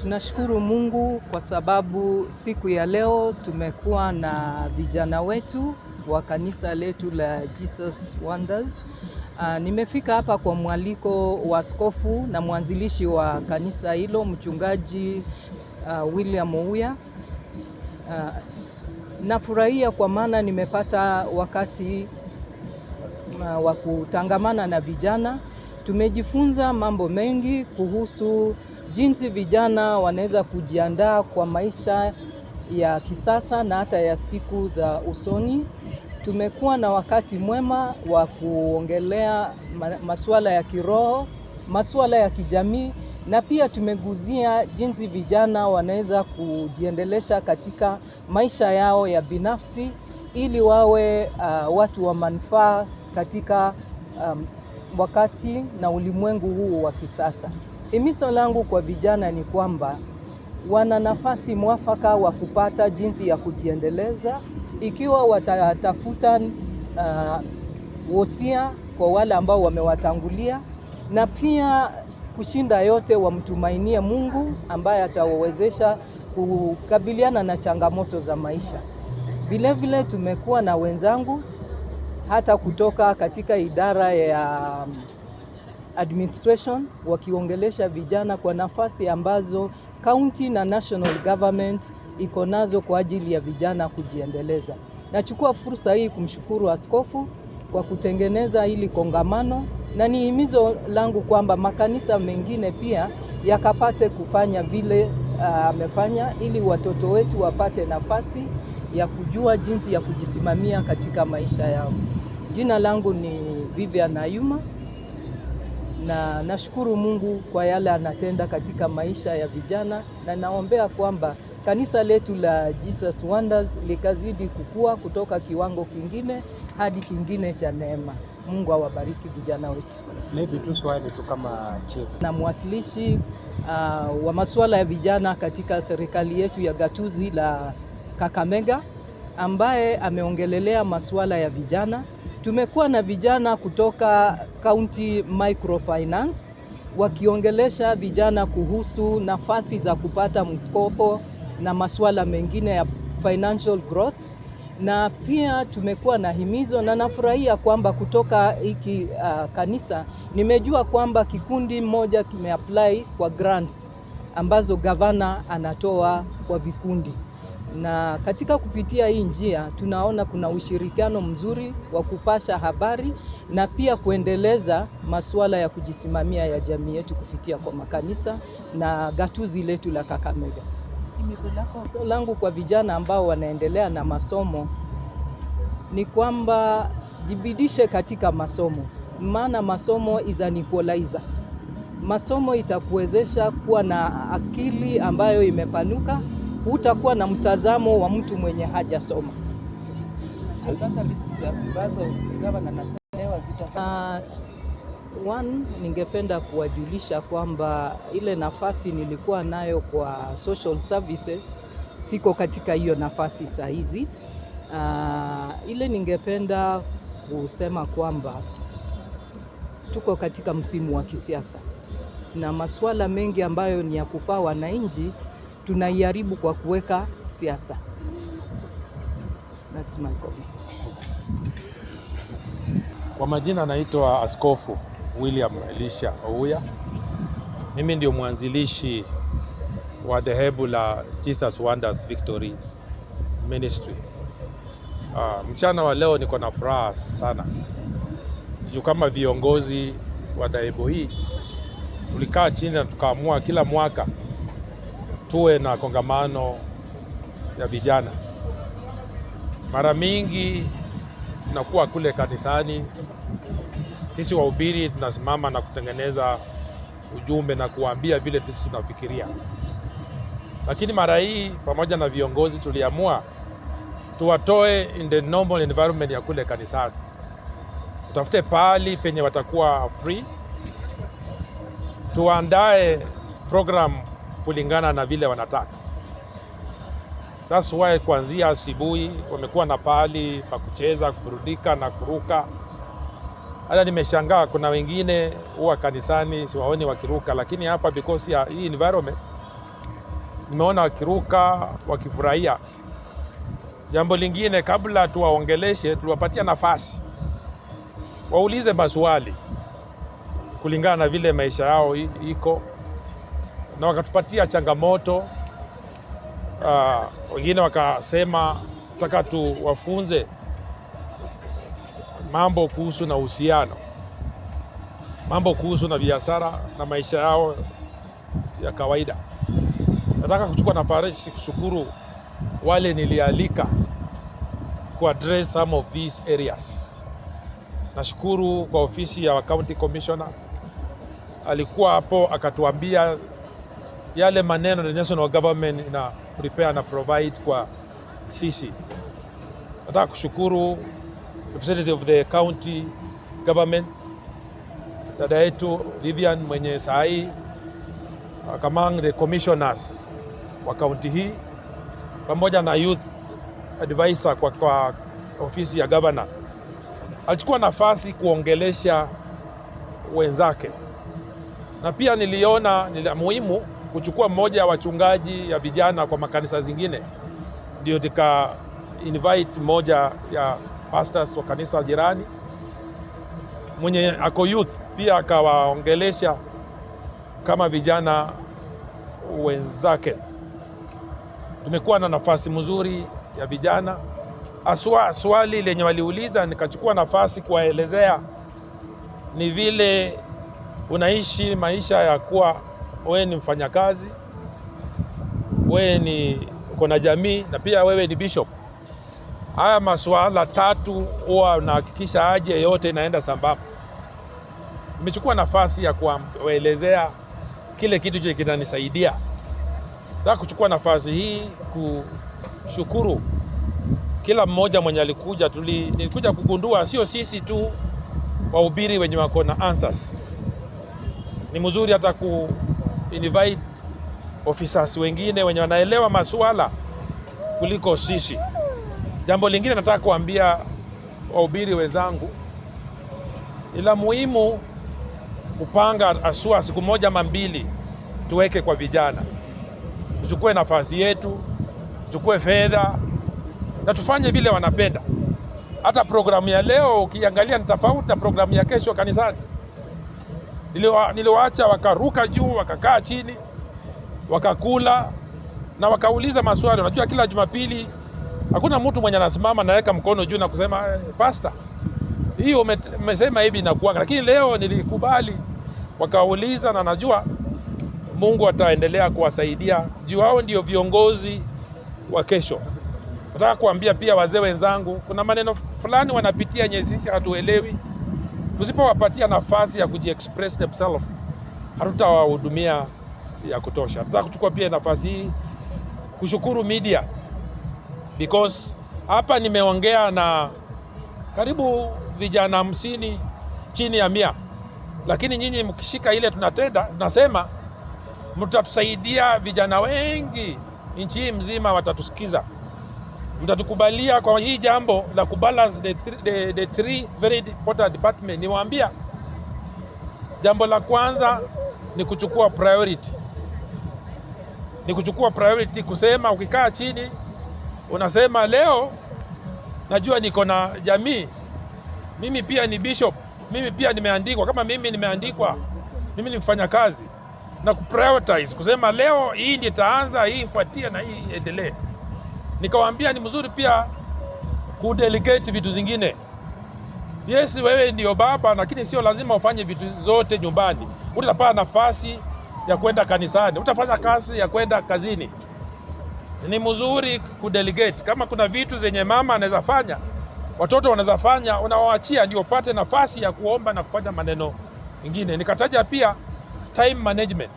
Tunashukuru Mungu kwa sababu siku ya leo tumekuwa na vijana wetu wa kanisa letu la Jesus Wonders. Uh, nimefika hapa kwa mwaliko wa askofu na mwanzilishi wa kanisa hilo mchungaji uh, William Ouya. Uh, nafurahia kwa maana nimepata wakati wa kutangamana na vijana. Tumejifunza mambo mengi kuhusu jinsi vijana wanaweza kujiandaa kwa maisha ya kisasa na hata ya siku za usoni. Tumekuwa na wakati mwema wa kuongelea masuala ya kiroho, masuala ya kijamii na pia tumeguzia jinsi vijana wanaweza kujiendelesha katika maisha yao ya binafsi ili wawe uh, watu wa manufaa katika um, wakati na ulimwengu huu wa kisasa. Himizo langu kwa vijana ni kwamba wana nafasi mwafaka wa kupata jinsi ya kujiendeleza ikiwa watatafuta uh, wosia kwa wale ambao wamewatangulia, na pia kushinda yote wamtumainie Mungu ambaye atawawezesha kukabiliana na changamoto za maisha. Vilevile tumekuwa na wenzangu hata kutoka katika idara ya um, administration wakiongelesha vijana kwa nafasi ambazo county na national government iko nazo kwa ajili ya vijana kujiendeleza. Nachukua fursa hii kumshukuru askofu kwa kutengeneza hili kongamano, na ni himizo langu kwamba makanisa mengine pia yakapate kufanya vile uh, amefanya, uh, ili watoto wetu wapate nafasi ya kujua jinsi ya kujisimamia katika maisha yao. Jina langu ni Vivian Ayuma na nashukuru Mungu kwa yale anatenda katika maisha ya vijana, na naombea kwamba kanisa letu la Jesus Wonders likazidi kukua kutoka kiwango kingine hadi kingine cha neema. Mungu awabariki vijana wetu. Maybe tu swali tu kama chief na mwakilishi uh, wa masuala ya vijana katika serikali yetu ya gatuzi la Kakamega ambaye ameongelelea masuala ya vijana. Tumekuwa na vijana kutoka County Microfinance wakiongelesha vijana kuhusu nafasi za kupata mkopo na masuala mengine ya financial growth, na pia tumekuwa na himizo, na nafurahia kwamba kutoka hiki uh, kanisa nimejua kwamba kikundi moja kimeapply kwa grants ambazo gavana anatoa kwa vikundi na katika kupitia hii njia tunaona kuna ushirikiano mzuri wa kupasha habari na pia kuendeleza masuala ya kujisimamia ya jamii yetu kupitia kwa makanisa na gatuzi letu la Kakamega. So langu kwa vijana ambao wanaendelea na masomo ni kwamba jibidishe katika masomo, maana masomo is an equalizer. Masomo itakuwezesha kuwa na akili ambayo imepanuka hutakuwa na mtazamo wa mtu mwenye hajasoma. Uh, one ningependa kuwajulisha kwamba ile nafasi nilikuwa nayo kwa social services siko katika hiyo nafasi saa hizi. Uh, ile ningependa kusema kwamba tuko katika msimu wa kisiasa na masuala mengi ambayo ni ya kufaa wananchi tunaiharibu kwa kuweka siasa. That's my comment. Kwa majina naitwa Askofu William Elisha Ouya. Mimi ndio mwanzilishi wa dhehebu la Jesus Wonders Victory Ministry. Uh, mchana wa leo niko na furaha sana juu kama viongozi wa dhehebu hii tulikaa chini na tukaamua kila mwaka tuwe na kongamano ya vijana. Mara mingi tunakuwa kule kanisani, sisi wahubiri tunasimama na kutengeneza ujumbe na kuambia vile sisi tunafikiria, lakini mara hii pamoja na viongozi tuliamua tuwatoe in the normal environment ya kule kanisani, tutafute pahali penye watakuwa free, tuandae program kulingana na vile wanataka. That's why kuanzia asubuhi wamekuwa na pahali pa kucheza, kuburudika na kuruka. Hata nimeshangaa kuna wengine huwa kanisani siwaoni wakiruka, lakini hapa because ya hii environment nimeona wakiruka wakifurahia. Jambo lingine, kabla tuwaongeleshe, tuliwapatia nafasi waulize maswali kulingana na vile maisha yao iko na wakatupatia changamoto. Uh, wengine wakasema tutaka tuwafunze mambo kuhusu na uhusiano, mambo kuhusu na biashara na maisha yao ya kawaida. Nataka kuchukua nafasi kushukuru wale nilialika ku address some of these areas. Nashukuru kwa ofisi ya County Commissioner, alikuwa hapo akatuambia yale maneno the national government ina prepare na provide kwa sisi. Nataka kushukuru representative of the county government dada yetu Vivian mwenye sahi among the commissioners wa kaunti hii pamoja na youth advisor kwa, kwa ofisi ya governor alichukua nafasi kuongelesha wenzake, na pia niliona ni muhimu kuchukua mmoja ya wachungaji ya vijana kwa makanisa zingine, ndio tika invite moja ya pastors wa kanisa jirani mwenye ako youth pia akawaongelesha kama vijana wenzake. Tumekuwa na nafasi mzuri ya vijana aswa. Swali lenye waliuliza nikachukua nafasi kuwaelezea ni vile unaishi maisha ya kuwa wewe ni mfanyakazi, wewe ni uko na jamii na pia wewe ni bishop. Haya masuala tatu huwa unahakikisha aje yote inaenda sambamba. Nimechukua nafasi ya kuwaelezea kile kitu che kinanisaidia. Nataka kuchukua nafasi hii kushukuru kila mmoja mwenye alikuja tuli, nilikuja kugundua sio sisi tu wahubiri wenye wako na answers. Ni mzuri hata ku invite officers wengine wenye wanaelewa masuala kuliko sisi. Jambo lingine nataka kuambia wahubiri wenzangu, ila muhimu kupanga asua siku moja ama mbili, tuweke kwa vijana, tuchukue nafasi yetu, tuchukue fedha na tufanye vile wanapenda. Hata programu ya leo ukiangalia ni tofauti na programu ya kesho kanisani niliwaacha wakaruka juu, wakakaa chini, wakakula na wakauliza maswali. Unajua, kila Jumapili hakuna mtu mwenye anasimama naweka mkono juu na kusema eh, pasta, hiyo umesema hivi inakuwa, lakini leo nilikubali. Wakauliza, na najua Mungu ataendelea kuwasaidia juu wao ndio viongozi wa kesho. Nataka kuambia pia wazee wenzangu, kuna maneno fulani wanapitia yenye sisi hatuelewi Tusipowapatia nafasi ya kujiexpress themselves, hatutawahudumia ya kutosha. Nataka kuchukua pia nafasi hii kushukuru media because hapa nimeongea na karibu vijana hamsini chini ya mia, lakini nyinyi mkishika ile tunatenda tunasema, mtatusaidia vijana wengi nchi hii mzima watatusikiza mtatukubalia kwa hii jambo la kubalance the, the, the three very important department. Niwaambia jambo la kwanza ni kuchukua priority, ni kuchukua priority, kusema ukikaa chini unasema leo najua niko na jamii, mimi pia ni bishop, mimi pia nimeandikwa. Kama mimi nimeandikwa, mimi ni mfanyakazi, na kuprioritize kusema leo hii ndio itaanza, hii ifuatie na hii endelee Nikawaambia ni mzuri pia kudelegate vitu zingine. Yes, wewe ndio baba, lakini sio lazima ufanye vitu zote nyumbani. Utapata nafasi ya kwenda kanisani, utafanya kazi ya kwenda kazini. Ni mzuri kudelegate. Kama kuna vitu zenye mama anaweza fanya, watoto wanaweza fanya, unawaachia ndio upate nafasi ya kuomba na kufanya maneno mengine. Nikataja pia time management.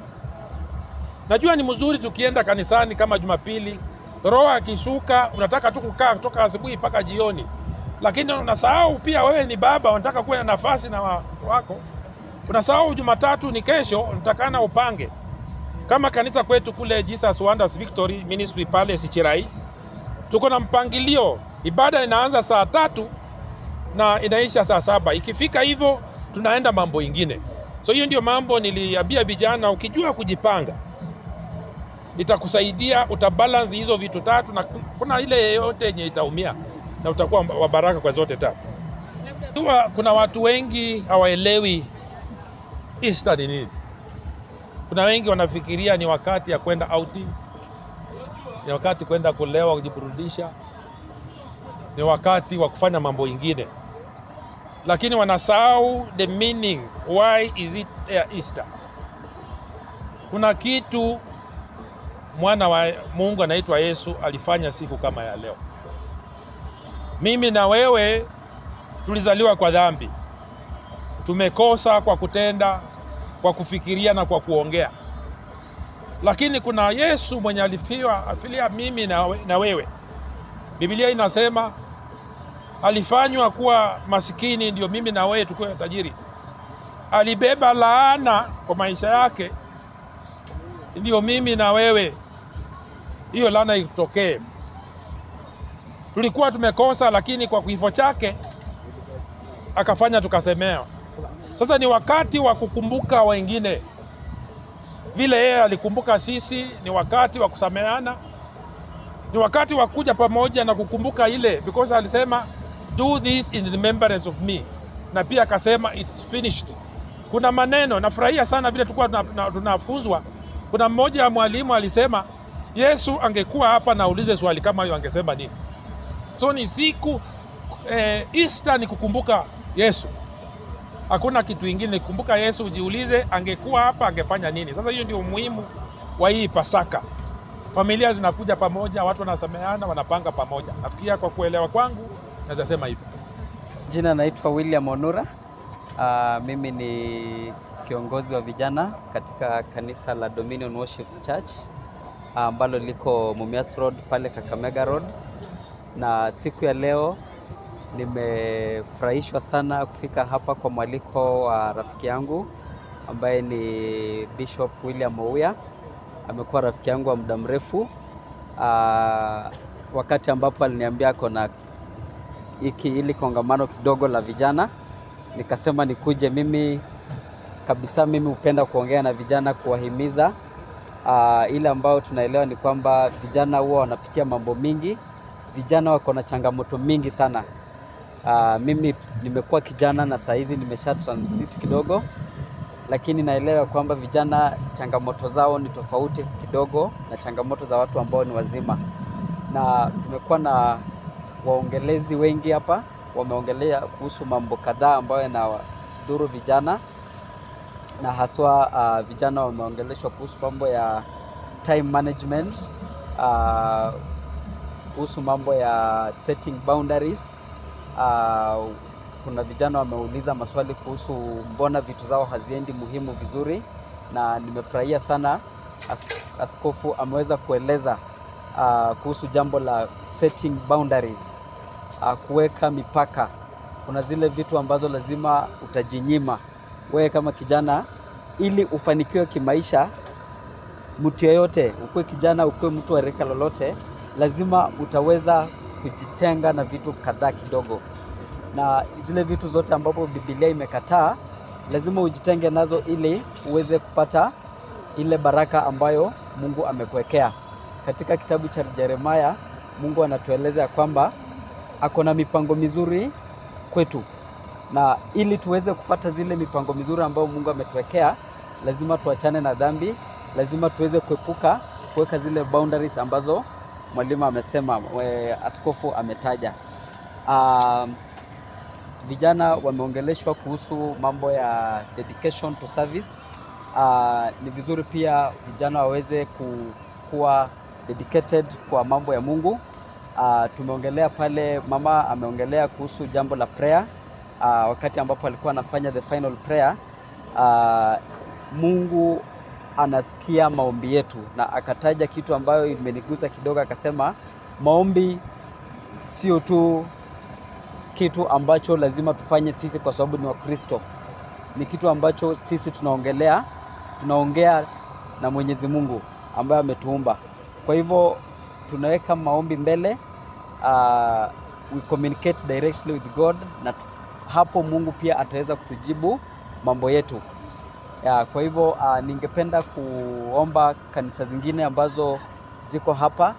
Najua ni mzuri tukienda kanisani kama Jumapili roho akishuka, unataka tu kukaa kutoka asubuhi mpaka jioni, lakini unasahau pia wewe ni baba, unataka kuwa na nafasi na wako. Unasahau Jumatatu ni kesho, unatakana upange kama kanisa kwetu kule Jesus Wonders Victory Ministry pale Sichirai, tuko na mpangilio. Ibada inaanza saa tatu na inaisha saa saba. Ikifika hivyo tunaenda mambo ingine. So hiyo ndio mambo niliambia vijana, ukijua kujipanga itakusaidia utabalance hizo vitu tatu, na kuna ile yeyote yenye itaumia na utakuwa wa baraka kwa zote tatu. Kuna watu wengi hawaelewi Easter ni nini. Kuna wengi wanafikiria ni wakati ya kwenda outing, ni wakati kwenda kulewa, kujiburudisha, ni wakati wa kufanya mambo ingine, lakini wanasahau the meaning, why is it eh, Easter? Kuna kitu mwana wa Mungu anaitwa Yesu alifanya siku kama ya leo. Mimi na wewe tulizaliwa kwa dhambi, tumekosa kwa kutenda, kwa kufikiria na kwa kuongea, lakini kuna Yesu mwenye alifia afilia mimi na wewe. Biblia inasema alifanywa kuwa masikini ndio mimi na wewe tukuwe tajiri. Alibeba laana kwa maisha yake ndio mimi na wewe hiyo laana itokee. Tulikuwa tumekosa, lakini kwa kifo chake akafanya tukasemewa. Sasa ni wakati wa kukumbuka wengine vile yeye alikumbuka sisi. Ni wakati wa kusameana, ni wakati wa kuja pamoja na kukumbuka ile, because alisema do this in remembrance of me, na pia akasema it's finished. Kuna maneno nafurahia sana vile tulikuwa tunafunzwa. Kuna mmoja ya mwalimu alisema Yesu angekuwa hapa na aulize swali kama hiyo, angesema nini? So ni siku eh, Easter ni kukumbuka Yesu, hakuna kitu ingine. Kumbuka Yesu, ujiulize, angekuwa hapa angefanya nini? Sasa hiyo ndio umuhimu wa hii Pasaka. Familia zinakuja pamoja, watu wanasameana, wanapanga pamoja. Nafikiria kwa kuelewa kwangu naweza sema hivyo. Jina naitwa William Onura. Uh, mimi ni kiongozi wa vijana katika kanisa la Dominion Worship Church. Ah, ambalo liko Mumias Road pale Kakamega Road, na siku ya leo nimefurahishwa sana kufika hapa kwa mwaliko wa rafiki yangu ambaye ni Bishop William Ouya. Amekuwa rafiki yangu wa muda mrefu. Ah, wakati ambapo aliniambia ako na iki ili kongamano kidogo la vijana, nikasema nikuje. Mimi kabisa, mimi hupenda kuongea na vijana, kuwahimiza uh, ile ambayo tunaelewa ni kwamba vijana huwa wanapitia mambo mingi, vijana wako na changamoto mingi sana. Uh, mimi nimekuwa kijana na saa hizi nimesha transit kidogo, lakini naelewa kwamba vijana changamoto zao ni tofauti kidogo na changamoto za watu ambao ni wazima, na tumekuwa na waongelezi wengi hapa wameongelea kuhusu mambo kadhaa ambayo yanadhuru vijana na haswa uh, vijana wameongeleshwa kuhusu mambo ya time management uh, kuhusu mambo ya setting boundaries uh, kuna vijana wameuliza maswali kuhusu mbona vitu zao haziendi muhimu vizuri, na nimefurahia sana as, askofu ameweza kueleza uh, kuhusu jambo la setting boundaries uh, kuweka mipaka. Kuna zile vitu ambazo lazima utajinyima wewe kama kijana, ili ufanikiwe kimaisha, mtu yeyote, ukuwe kijana, ukuwe mtu wa rika lolote, lazima utaweza kujitenga na vitu kadhaa kidogo, na zile vitu zote ambapo Biblia imekataa lazima ujitenge nazo, ili uweze kupata ile baraka ambayo Mungu amekuwekea. Katika kitabu cha Yeremia Mungu anatueleza kwamba ako na mipango mizuri kwetu na ili tuweze kupata zile mipango mizuri ambayo Mungu ametuwekea, lazima tuachane na dhambi, lazima tuweze kuepuka kuweka zile boundaries ambazo mwalimu amesema, we, askofu ametaja. Uh, vijana wameongeleshwa kuhusu mambo ya dedication to service. Uh, ni vizuri pia vijana waweze kuwa dedicated kwa mambo ya Mungu. Uh, tumeongelea pale, mama ameongelea kuhusu jambo la prayer uh, wakati ambapo alikuwa anafanya the final prayer uh, Mungu anasikia maombi yetu, na akataja kitu ambayo imenigusa kidogo, akasema maombi sio tu kitu ambacho lazima tufanye sisi kwa sababu ni Wakristo, ni kitu ambacho sisi tunaongelea, tunaongea na Mwenyezi Mungu ambaye ametuumba. Kwa hivyo tunaweka maombi mbele, uh, we communicate directly with God na hapo Mungu pia ataweza kutujibu mambo yetu ya. Kwa hivyo uh, ningependa kuomba kanisa zingine ambazo ziko hapa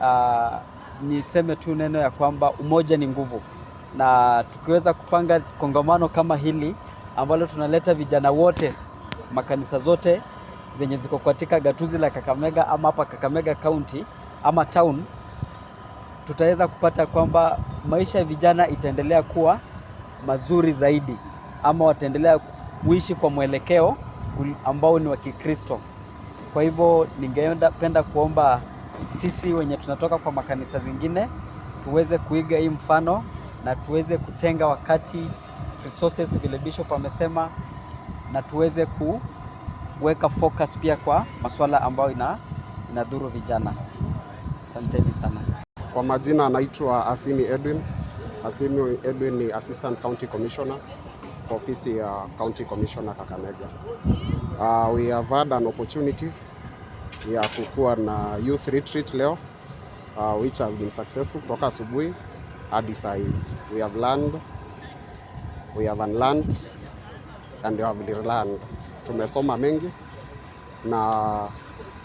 uh, niseme tu neno ya kwamba umoja ni nguvu, na tukiweza kupanga kongamano kama hili ambalo tunaleta vijana wote makanisa zote zenye ziko katika gatuzi la Kakamega ama hapa Kakamega County ama town, tutaweza kupata kwamba maisha ya vijana itaendelea kuwa mazuri zaidi, ama wataendelea kuishi kwa mwelekeo ambao ni wa Kikristo. Kwa hivyo, ningependa kuomba sisi wenye tunatoka kwa makanisa zingine tuweze kuiga hii mfano na tuweze kutenga wakati resources vile bishop amesema, na tuweze kuweka focus pia kwa masuala ambayo ina inadhuru vijana. Asanteni sana. Kwa majina anaitwa asimi Edwin. Asimu Edwin ni Assistant County Commissioner kwa ofisi ya County Commissioner Kakamega. Uh, we have had an opportunity ya kukuwa na youth retreat leo uh, which has been successful kutoka asubuhi hadi saa hii. We have learned, we have unlearned and we have relearned. Tumesoma mengi na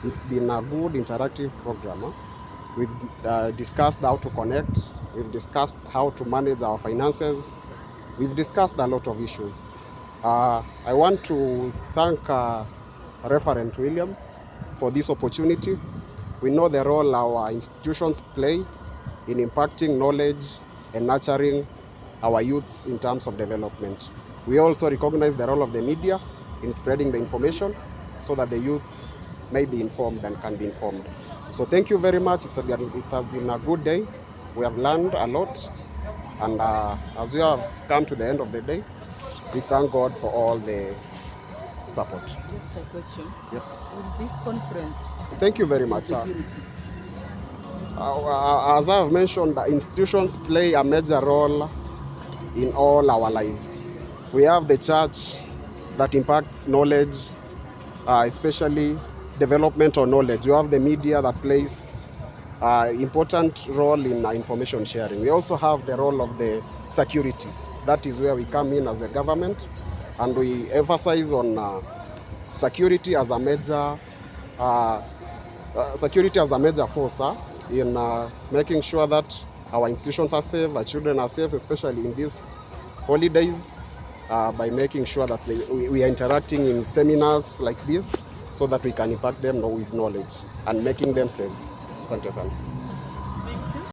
it's been a good interactive program. Ah. We've uh, discussed how to connect We've discussed how to manage our finances. We've discussed a lot of issues. Uh, I want to thank uh, Referent William for this opportunity. We know the role our institutions play in impacting knowledge and nurturing our youths in terms of development. We also recognize the role of the media in spreading the information so that the youths may be informed and can be informed. So thank you very much. It's a, it has been a good day we have learned a lot, and uh, as we have come to the end of the day, we thank God for all the support. Just a question. Yes. this conference. Thank you very much. Uh, as I have mentioned, the institutions play a major role in all our lives. We have the church that impacts knowledge, uh, especially developmental knowledge. We have the media that plays uh, important role in uh, information sharing. We also have the role of the security. That is where we come in as the government and we emphasize on uh, security as a major uh, uh, security as a major force uh, in uh, making sure that our institutions are safe, our children are safe, especially in these holidays, uh, by making sure that they, we, we are interacting in seminars like this so that we can impact them with knowledge and making them safe asante sana.